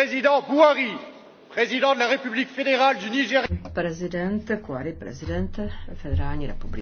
Prezident Buhari, prezident de la République fédérale du Niger. Prezident prezident